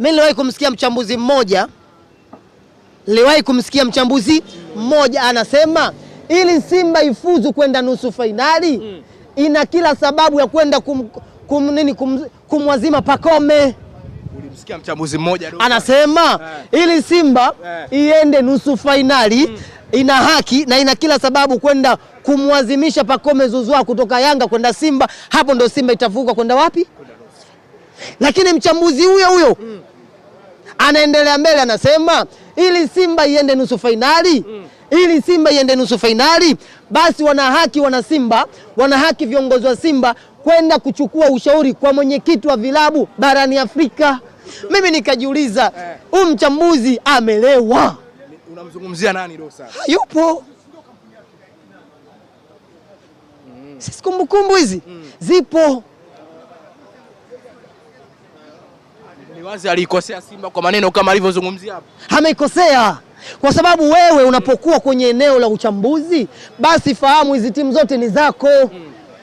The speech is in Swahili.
Mimi niliwahi kumsikia mchambuzi mmoja, niliwahi kumsikia mchambuzi mmoja anasema ili Simba ifuzu kwenda nusu fainali mm. ina kila sababu ya kwenda kum, kum, nini kum, kumwazima Pakome. Ulimsikia mchambuzi mmoja anasema eh. ili Simba eh. iende nusu fainali mm. ina haki na ina kila sababu kwenda kumwazimisha Pakome zuzwa kutoka Yanga kwenda Simba. Hapo ndo Simba itavuka kwenda wapi? Lakini mchambuzi huyo huyo mm. anaendelea mbele, anasema ili Simba iende nusu fainali mm. ili Simba iende nusu fainali, basi wana haki wana Simba, wana haki viongozi wa Simba kwenda kuchukua ushauri kwa mwenyekiti wa vilabu barani Afrika. Mimi nikajiuliza eh. huyu eh. mchambuzi amelewa. Unamzungumzia nani Dosa? Hayupo. Mm. Sisi kumbukumbu hizi mm. zipo Ni wazi aliikosea Simba kwa maneno kama alivyozungumzia hapo. Ameikosea kwa sababu wewe unapokuwa kwenye eneo la uchambuzi, basi fahamu hizi timu zote ni zako Hmm.